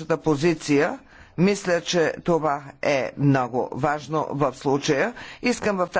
нашата позиция. Мисля, че това е много важно в случая. Искам в тази